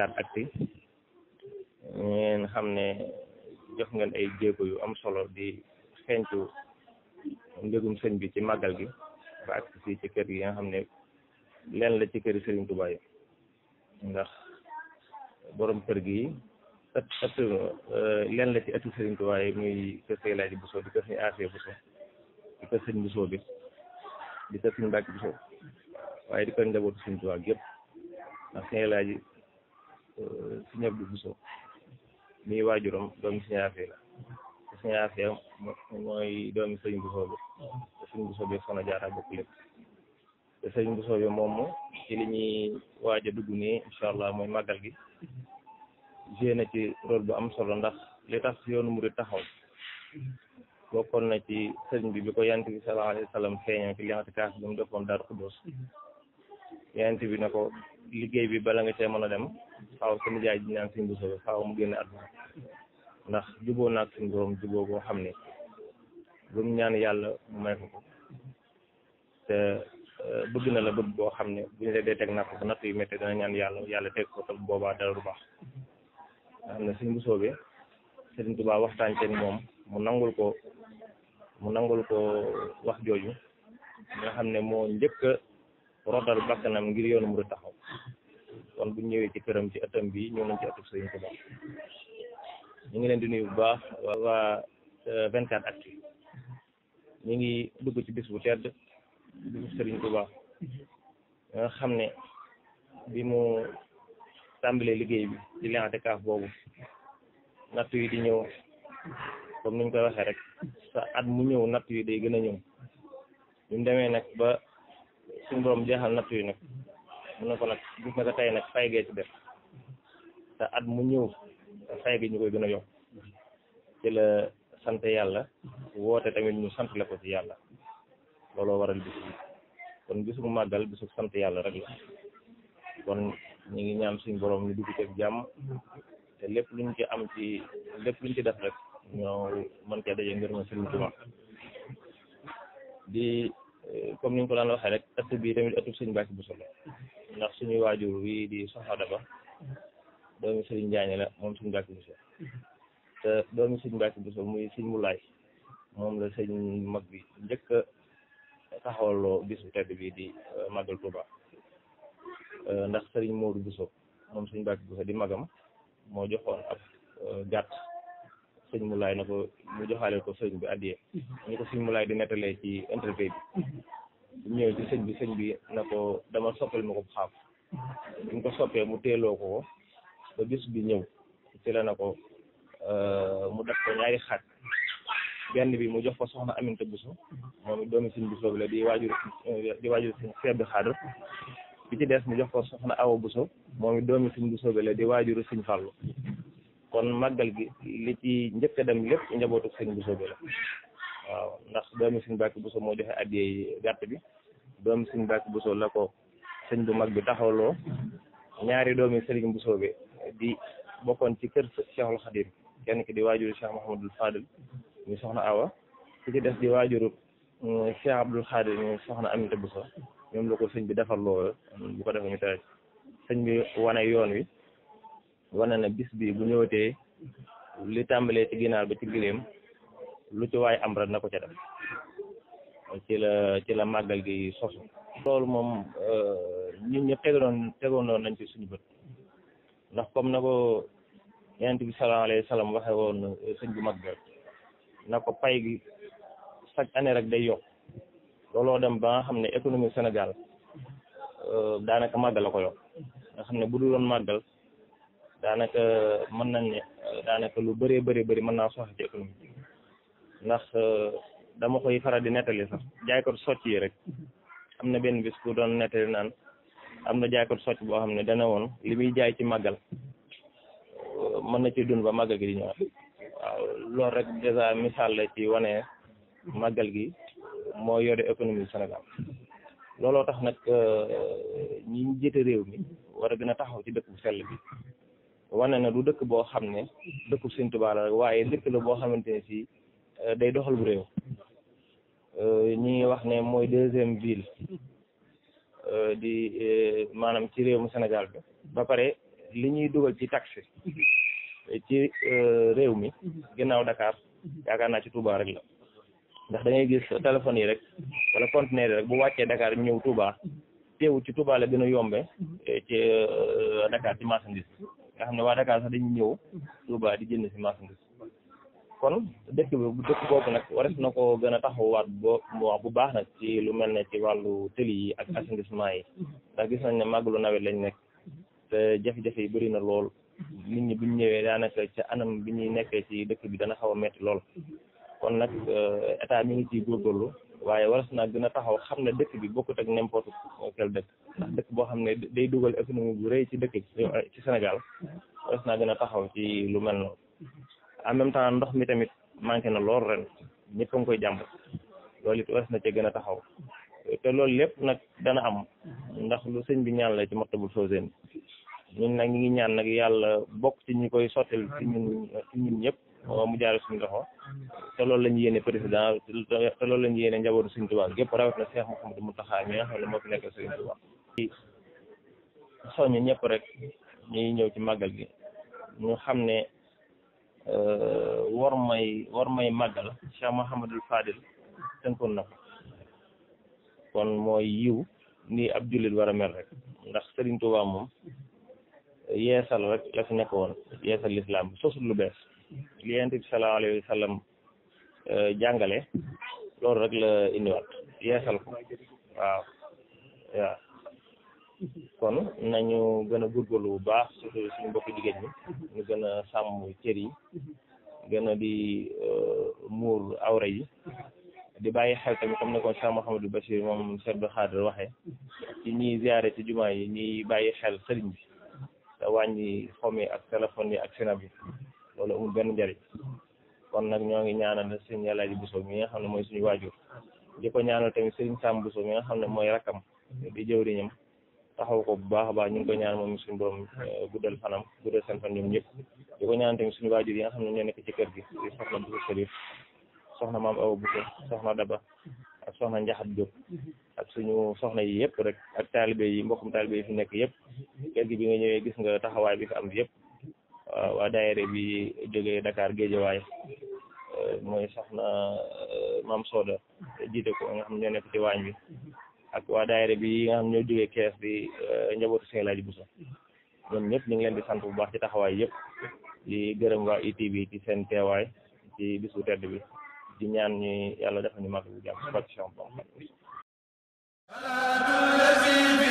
Dakaractu ngeen xam ne jox ngeen ay jéego yu am solo di xencu mbégum sëñ bi ci màggal gi ba ak si ci kër gi nga xam ne leen la ci këri Serigne Touba ndax boroom kër gi ëtt ëtt euh, leen la ci ëttu Serigne Touba yi muy kër Sey Laaji Bousso di kër Sey Afia Bousso bi di kër Sëñ Mbàkke Bousso waaye di kër njabootu Serigne Touba yëpp ndax Sey Laaji Sëñ Abdou Bousso mi waajuram doomi Sëñ Afia la te Sëñ Afia mooy doomi Sëñ Bousso bi te Sëñ Bousso bi Soxna Jaara te Sëñ Bousso bi moom ci li ñuy waaj dugg nii incha allah mooy màggal gi joué na ci rôle bu am solo ndax li tax yoonu murid taxaw bokkoon na ci sëriñ bi bi ko yant bi sallallahu alayhi wa sallam feeñoo ci li nga kaas bi mu defoon Daaru Xuddoos yant bi ne ko liggéey bi bala nga cee mën a dem faaw sama jaay ji ñaan sëñ bu soobee faaw mu génn àdduna ndax juboo naag suñu borom juboo xam ne ñaan yàlla mu euh, bëgg na la bëgg boo xam ne bu ñu la dee teg natt bu yàlla teg ko te boobaa baax nga xam ne sëñ bu soobee Sëriñ Tuubaa waxtaan ceeg moom mu nangul ko mu nangul ko wax jooju nga xam ne moo njëkk a rotal bakkanam ngir yoonu mu taxaw kon bu ñëwee ci këram ci ëttam bi ñëw nañ ci ëttu Sëriñ Tuubaa ñu ngi leen di nuyu bu baax waa 24 euh, actu ñu ngi dugg ci bis bu tedd bisu Sëriñ Tuubaa nga xam ne bi mu tàmbalee liggéey bi di lente kaaf boobu natt yi di ñëw comme nuñ koy waxee rek sa at mu ñëw natt yi day gën a ñëw ñu demee nag ba suñu borom jeexal natt yi nag mu na ko nag gis na ko tey nag fay gee ci def te at mu ñëw fay gi ñu koy gën a yokk ci la sant yàlla woote tamit ñu sant la ko ci yàlla looloo waral bis bi kon bisu màggal bisu sant yàlla rek la ñu ngi ñaan suñu borom ñu dugg jàmm te lépp luñ ci am ci lépp luñ ci def rek ñoo mën cee daje di eh, comme ni ñu ko daan waxee rek ëtt bii tamit ëttu Sëriñ Mbàkke bu solo ndax suñuy waajur wi di soxna ba doomi sëriñ Njaañ la moom suñ Mbàkke Buso te doomi sëriñ Mbàkke Buso muy sëriñ Mulaay moom la sëriñ mag bi njëkk a taxawaloo bis bu tedd bi di euh, màggal Tuuba euh, ndax sëriñ Moodu Buso moom suñ Mbàkke Buso di magam moo joxoon ab euh, gàtt sëriñ Mulaay na ko mu joxaale ko sëriñ bi addiyee ñu ko sëriñ Mulaay di nettalee ci interview ñëw ci sëñ bi sëñ bi na ko dama soppal ma ko xaaf bi mu ko soppee mu teeloo ko ba gis bi ñëw ci la na ko euh, mu def ko ñaari xaaj benn bi mu jox ko soxna Aminta buso moom it doomi sëñ bi soobu la di waajur di waajur bi mu jox ko soxna Awa Bousso moom it doomi sëñ bi soobu la di waajuru sëñ Fàllu kon màggal gi li ci njëkk a dem lépp njabootu sëñ Bousso bi la waaw ndax doomi sëñ Bàkki Bousso moo joxe addiyey gàtt bi doomi sëñ Mbàkke Bousso la ko sëñ bu mag bi taxawloo ñaari doomi Sëriñ Bousso bi di bokkoon ci kër Cheikhul Khadim kenn ki di waajuru Cheikh Mouhamadul Fadil ñu soxna Awa ki ci des di waajuru euh, Cheikh Abdoul Khadim ñu soxna ñoom la ko sëñ bi defar loolu bu ko defee ñu tawee sëñ bi wane yoon wi wane na bis bi bu ñëwatee li tàmbalee ci ginaar ba ci gileem lu ci waay am rek na ko ca def ci la ci la màggal gi sosu loolu moom euh, ñun ñëpp tegoon tegoondoon nañ ci suñu bët ndax comme na ko yonent bi sallallahu alayhi wa sallam woon euh, sëñ bu mag na ko pay gi chaque année rek day yokk looloo dem ba nga xam ne économie Sénégal euh, daanaka màggal la ko yokk nga xam ne bu dul doon màggal daanaka mën nañ ne daanaka lu bëree bëri bëri mën naa soxla ci économie ndax dama koy faral di nettali sax jaaykatu socc yi rek am na benn bis ku doon nettali naan am na jaaykatu socc boo xam ne dana woon li muy jaay ci màggal mën na ci dund ba màggal gi di ñëwaat waaw loolu rek dèjà misaal la ci wane màggal gi moo yore économie du Sénégal looloo tax nag euh, ñi jiite réew mi war a gën a taxaw ci dëkk bu sell bi wane na du dëkk boo xam ne dëkku sint Tuubaa rek waaye dëkk la boo xamante ne si euh, day doxal bu réew Euh, ñi ngi wax ne mooy deuxième ville euh, di euh, maanaam ci réew mu Sénégal bi ba pare li ñuy dugal ci taxe ci réew mi ginnaaw dakaar yaakaar naa ci Touba rek la ndax da gis téléphone yi rek wala conteneur yi rek bu wàccee Dakar ñëw Touba teewu ci Touba la gën yombe eh, ci Dakar ci marchandise nga xam ne waa Dakar sax dañuy ñëw Touba di jënd si marchandise kon dëkk bi dëkk boobu nag wares na ko gën a taxawaat bo bu baax nag ci lu mel na ci wàllu tëli yi ak assainissement yi ndax gis nañ ne màggalu nawet lañ nekk te jafe-jafe yi bëri na lool nit ñi buñ ñëwee daanaka ca anam bi ñuy nekkee ci dëkk bi dana xaw a metti lool kon nag euh, état mi ngi ciy góorgóorlu waaye waras naa gën a taxaw xam ne dëkk bi bokkut ak n'importe quel dëkk ndax dëkk boo xam ne day dugal économie bu rëy ci dëkk ci Sénégal waras naa gën a taxaw ci lu mel noonu en même temps ndox mi tamit manqué na loolu ren ñëpp a koy jàmbat loolu it war na ci gën a taxaw te loolu lépp nag dana am ndax lu sëñ bi ñaan la ci Matlabul Fawzayni ñun nag ñu ngi ñaan nag yàlla bokk ci ñi koy sottil ci ñun mu jaare suñu loxo te loolu lañu yéene président te loolu lañu yéene njabootu Sëñ Tuubaa gépp rawat na Cheikh Mouhamadou Mountakha mi nga xam ne moo fi nekk Sëñ Tuubaa ñëpp rek ñuy ñëw ci màggal gi ñu xam ne Euh, war may war may màggal Cheikh Mouhamadul Fadil tënkoon na ko kon mooy yiw ni ab jullit war a mel rek ndax Serigne Touba moom yeesal rek la fi nekk woon yeesal lislaam sosul lu bees li yonent bi sallallahu alayhi wa euh, jàngale loolu rek la indiwaat yeesal ko waaw waaw kon nañu gën a góorgóorlu bu baax surtout suñu mbokki jigéen ñi ñu gën a sàmm cër yi gën a di euh, muur awra yi di bàyyi xel tamit comme ne ko Cheikh Mouhamadou Bachir moom Cheikh Abdou Khadre waxee ci ñiy ziare ci jumaa yi ñiy bàyyi xel sëriñ bi te wàññi xom yi ak téléphone yi ak sinab yi loolu amul benn njëriñ kon nag ñoo ngi ñaanal sëriñ El Hadji Bousso mi nga xam ne mooy suñu waajur di ko ñaanal tamit sëriñ Sam Bousso mi nga xam ne mooy rakkam di jëwriñam taxaw ko bu baax a baax ñu ngi ko ñaan moom suñu borom euh, guddal ko ñaan suñu waajur yi nga ci kër gi di soxna Bousso Serif soxna maam Awa Bousso soxna Daba ak soxna Njaxat Diop ak suñu soxna yi yëpp rek ak taalibe yi mbokkum taalibe yi fi nekk yëpp kër gi bi nga ñëwee gis nga taxawaay bi fi am yëpp waa daayere bi jógee Dakar Géejawaay euh, mooy soxna euh, maam Soda jiite ko nga xam ne ñoo nekk ci waañ bi ak waa daayira bi yi nga xam ñoo jógee kees bi euh, njabootu Sëñ Laaji Bousso ñoom ñëpp ñu leen di sant bu baax ci taxawaay yëpp di gërëm waa ITV ci seen teewaay ci bis bu tedd bi di ñaan ñu yàlla defal ñu mag bu jàmm ci